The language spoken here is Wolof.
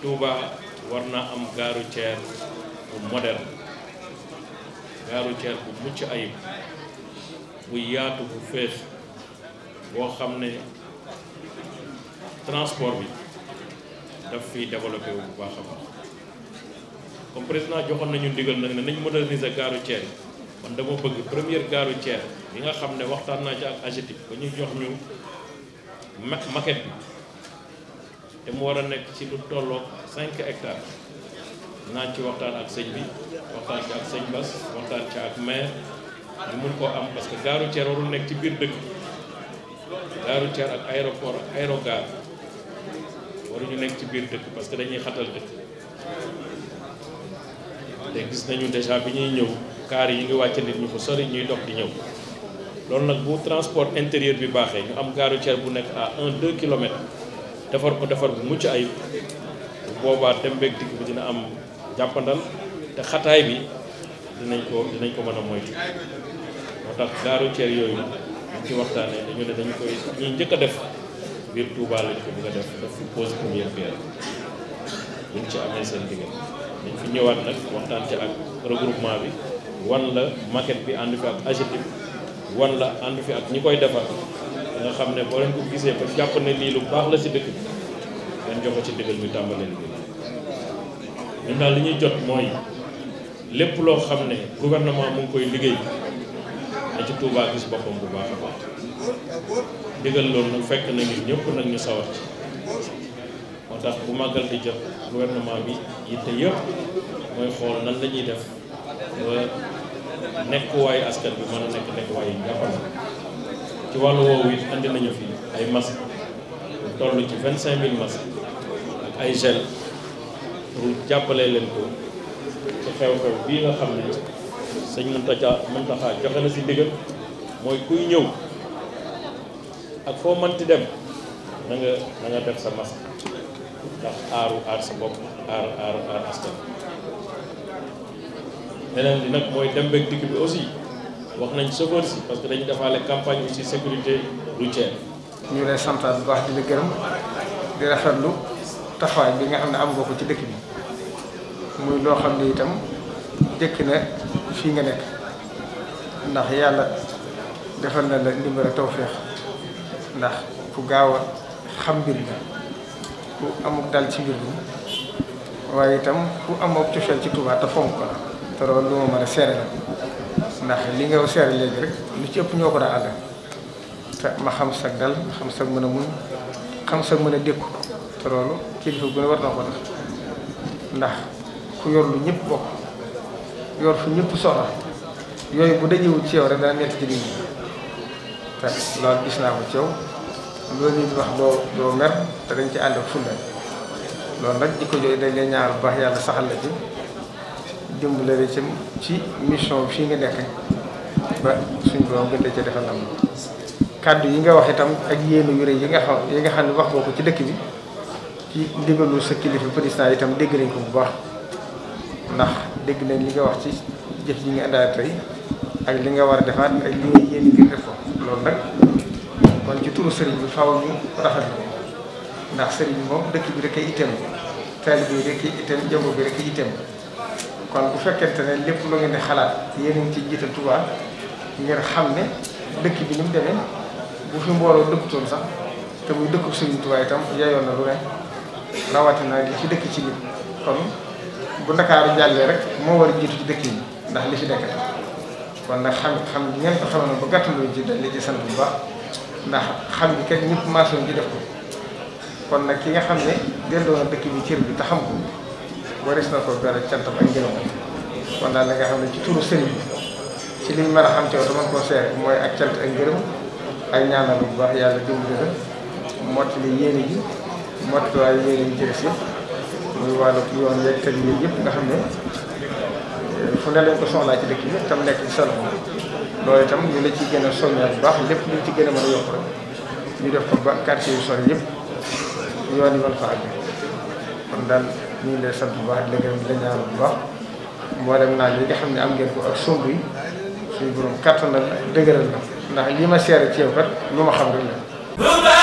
Touba war na am gaaru routière bu moderne gare routière bu mucc ayib bu yaatu bu fees boo xam ne transport bi daf fiy développé bu baax a baax comme président joxoon nañu ndigal nag ne nañ moderniser gare routière man dama bëgg première gare routière bi nga xam ne waxtaan naa ci ak AGETIP ba ñu jox ñu maquette bi te mu war a nekk ci lu tolloog cinq hectares naa ci waxtaan ak sëñ bi waxtaan ci ak sëñ Bas waxtaan ci ak maire ñu mun koo am parce que gaaru ceer warul nekk ci biir dëkk gaaru ceer ak aéroport ak aérogare waruñu nekk ci biir dëkk parce que dañuy xatal dëkk te gis nañu déjà bi ñuy ñëw kaar yi ngi wàcc nit ñu fa sori ñuy dox di ñëw loolu nag bu transport intérieur bi baaxee ñu am gaaru routière bu nekk a un deux kilomètres defar ko defar bu mucc ayib boobaa dem beeg dikk bi dina am jàppandal te xataay bi dinañ ko dinañ ko mën a moytu moo tax gare routière yooyu ñu ci waxtaanee dañu ne dañu koy ñuy njëkk a def biir Touba lañ ko bëgg a def daf fi pose première pierre buñ ci amee seen digal dañ fi ñëwaat nag waxtaan ci ak regroupement bi wan la maquette bi ànd fi ak AGETIP wan la ànd fi ak ñi koy defar nga xam ne boo leen ko gisee ba jàpp ne lii lu baax la ci dëkk bi dañ joxe ci digal ñu tàmbaleen bi ñun daal li ñuy jot mooy lépp loo xam ne gouvernement mu ngi koy liggéey na ci Touba gis boppam bu baax a baax digal loolu nag fekk na ñun ñëpp nag ñu sawar ci moo tax bu màggal di jot gouvernement bi yitte yëpp mooy xool nan la ñuy def nekkuwaayu askan bi mën a nekk nekkuwaay jàppal ci wàllu woowu it andi nañu fii ay masque toll ci vingt cinq mille masques ak ay gel pour jàppale leen ko ci xew-xew bii nga xam ne sëñ Mountakha Mountakha joxe na si ndigal mooy kuy ñëw ak foo mënti dem na nga na nga def sa masque ndax aaru aar sa bopp aar aar aar askan beneen bi nag mooy dem beeg dikk bi aussi wax nañ chauffeur si parce que dañu defaale campagne aussi sécurité routière. ñu ngi lay santaat bu baax di la gërëm di rafetlu taxawaay bi nga xam ne am nga ko ci dëkk bi muy loo xam ne itam jëkk na fii nga nekk ndax yàlla defal na la ndimbal tawféex ndax ku gaaw a xam mbir mi ku amul dal ci mbir mi waaye itam ku amoo cofeel ci Tuubaa te fonk ko la te loolu lu ma mën a seere la ndax li nga seere léegi rek lu ci ëpp ñoo ko daa ànd te ma xam sag dal ma xam sag mën a mun xam sag mën a dékku te loolu kilifa bu ne war na ko def ndax ku yor lu ñëpp bokk yor fu ñëpp soxla yooyu bu dajewul ci yow rek dana metti ci nit ñi te loolu gis naa ko ci yow loolu nit wax doo mer te dañ ci ànd ak fulla loolu rek di ko jooy dañ lay ñaar baax yàlla saxal la ci dimbale la ci ci mission bi fii nga nekk ba suñ borom gën la ci defal kàddu yi nga wax itam ak yéen yu rëy yi nga xam yi nga xam ne wax boo ko ci dëkk bi ci ndigalu sa kilifa président itam dégg nañ ko bu baax ndax dégg nañ li wax ci jëf yi nga àndaale ak li nga war a defaat ak li nga yéen loolu nag ci turu sëriñ bi faaw ñu rafetlu ko ndax sëriñ dëkk bi rek ay itam taalibe bi rek ay itam jaww bi rek ay itam kon bu fekkente ne lépp lu ngeen di xalaat yéen ngi ci jiital Touba ngir xam ne dëkk bi ni demee bu fi mbooloo dëkkutoon sax te muy dëkku Sëriñ Touba itam yeyoon na lu ne rawatina li fi dëkk ci nit kon bu Ndakaaru jàllee rek moo war a ci dëkk yi ndax li fi nekk kon nag xam xam ngeen ko xam ne ba gàttaluñ ci dañ li ci sant bu baax ndax xam bi kat ñëpp maçon ji def ko kon nag ki nga xam ne delloo na dëkk bi cër bi te xam ko waris na ko beral cantam ak ngërëm kon daal li nga xam ne ci turu sëriñ ci liñ mën a xam teew te mën koo seet mooy ak cant ak ngërëm ak ñaanal bu baax yàlla dimbali la mottali yéene ji mottalaay yéene ji jël si muy wàllu yoon yeeg kër yi yëpp nga xam ne eh, fu ne lañ ko soxlaa ci dëkk bi tam nekk ci sa loxo loolu itam ñu la ci gën a soññal bu baax lépp luñ ci gën a mën a yokk rek ñu def ko ba quartier yu sori yëpp yoon yi mën fa àgg kon daal ñu ngi lay sant bu baax di la gërëm di la ñaan bu baax mboolem naa yi nga xam ne am ngeen ak sumb yi suñu borom kattanal ak dëgëral la ndax li ma seere ci yow kat lu ma xam rek la.